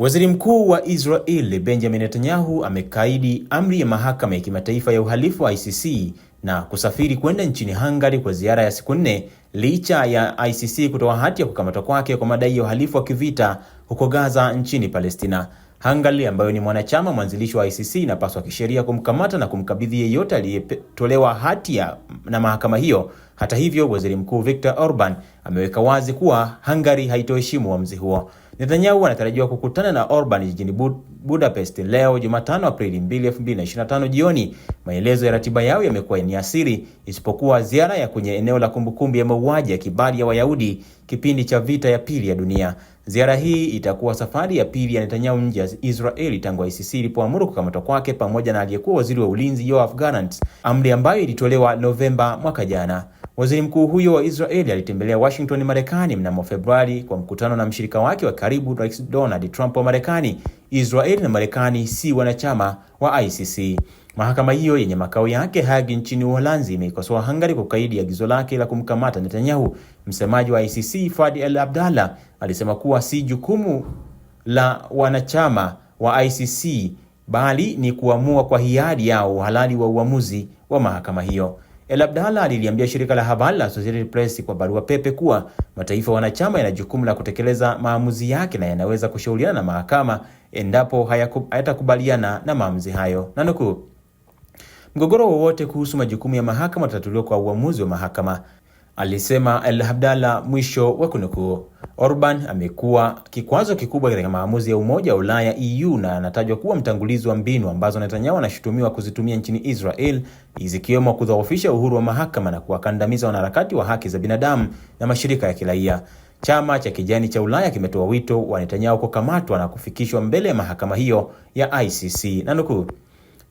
Waziri Mkuu wa Israel Benjamin Netanyahu amekaidi amri ya Mahakama ya Kimataifa ya Uhalifu wa ICC na kusafiri kwenda nchini Hungary kwa ziara ya siku nne licha ya ICC kutoa hati ya kukamatwa kwake kwa madai ya uhalifu wa kivita huko Gaza nchini Palestina. Hungary ambayo ni mwanachama mwanzilishi wa ICC inapaswa kisheria kumkamata na kumkabidhi yeyote aliyetolewa hati ya na mahakama hiyo. Hata hivyo, Waziri Mkuu Viktor Orban ameweka wazi kuwa Hungary haitoheshimu uamuzi huo. Netanyahu anatarajiwa kukutana na Orban jijini Bud Budapest leo Jumatano Aprili 2, 2025 jioni. Maelezo ya ratiba yao yamekuwa ni ya siri, isipokuwa ziara ya kwenye eneo la kumbukumbu ya mauaji ya kibali ya Wayahudi kipindi cha vita ya pili ya dunia. Ziara hii itakuwa safari ya pili ya Netanyahu nje ya Israeli tangu ICC ilipoamuru kukamatwa kwake pamoja na aliyekuwa waziri wa ulinzi Yoav Gallant, amri ambayo ilitolewa Novemba mwaka jana. Waziri mkuu huyo wa Israeli alitembelea Washington, Marekani mnamo Februari kwa mkutano na mshirika wake wa karibu Rais Donald Trump wa Marekani. Israeli na Marekani si wanachama wa ICC. Mahakama hiyo yenye makao yake Hague nchini Uholanzi imeikosoa Hungary kwa ukaidi agizo lake la kumkamata Netanyahu. Msemaji wa ICC Fadi El Abdallah alisema kuwa si jukumu la wanachama wa ICC bali ni kuamua kwa hiari yao uhalali wa uamuzi wa mahakama hiyo. El Abdalla aliliambia shirika la habari la Associated Press kwa barua pepe kuwa mataifa wanachama yana jukumu la kutekeleza maamuzi yake na yanaweza kushauriana na mahakama endapo hayatakubaliana na maamuzi hayo. Nanukuu, mgogoro wowote kuhusu majukumu ya mahakama utatatuliwa kwa uamuzi wa mahakama alisema El Abdalla, mwisho wa kunukuu. Orban amekuwa kikwazo kikubwa katika maamuzi ya Umoja wa Ulaya EU na anatajwa kuwa mtangulizi wa mbinu ambazo Netanyahu anashutumiwa kuzitumia nchini Israel, zikiwemo kudhoofisha uhuru wa mahakama na kuwakandamiza wanaharakati wa haki za binadamu na mashirika ya kiraia. Chama cha Kijani cha Ulaya kimetoa wito wa Netanyahu kukamatwa na kufikishwa mbele ya mahakama hiyo ya ICC na nukuu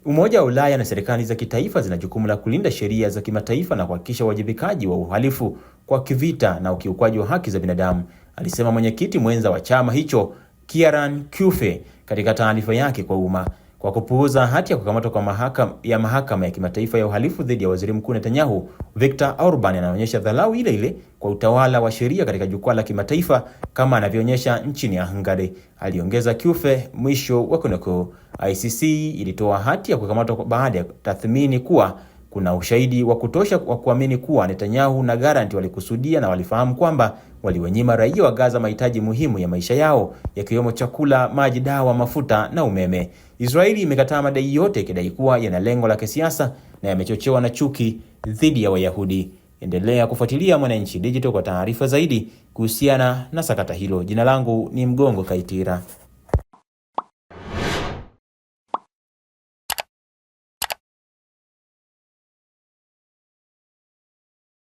Umoja wa Ulaya na serikali za kitaifa zina jukumu la kulinda sheria za kimataifa na kuhakikisha uwajibikaji wa uhalifu kwa kivita na ukiukwaji wa haki za binadamu, alisema mwenyekiti mwenza wa chama hicho Kieran kufe katika taarifa yake kwa umma kwa kupuuza hati ya kukamatwa kwa mahakama ya mahakama ya kimataifa ya uhalifu dhidi ya waziri mkuu Netanyahu, Victor Orban anaonyesha dharau ile ile kwa utawala wa sheria katika jukwaa la kimataifa kama anavyoonyesha nchini ya Hungary, aliongeza Cufe. Mwisho wa kunukuu. ICC ilitoa hati ya kukamatwa baada ya tathmini kuwa kuna ushahidi wa kutosha wa kuamini kuwa Netanyahu na Garanti walikusudia na walifahamu kwamba waliwanyima raia wa Gaza mahitaji muhimu ya maisha yao yakiwemo chakula, maji, dawa, mafuta na umeme. Israeli imekataa madai yote ikidai kuwa yana lengo la kisiasa na yamechochewa na chuki dhidi ya Wayahudi. Endelea kufuatilia Mwananchi Digital kwa taarifa zaidi kuhusiana na sakata hilo. Jina langu ni Mgongo Kaitira.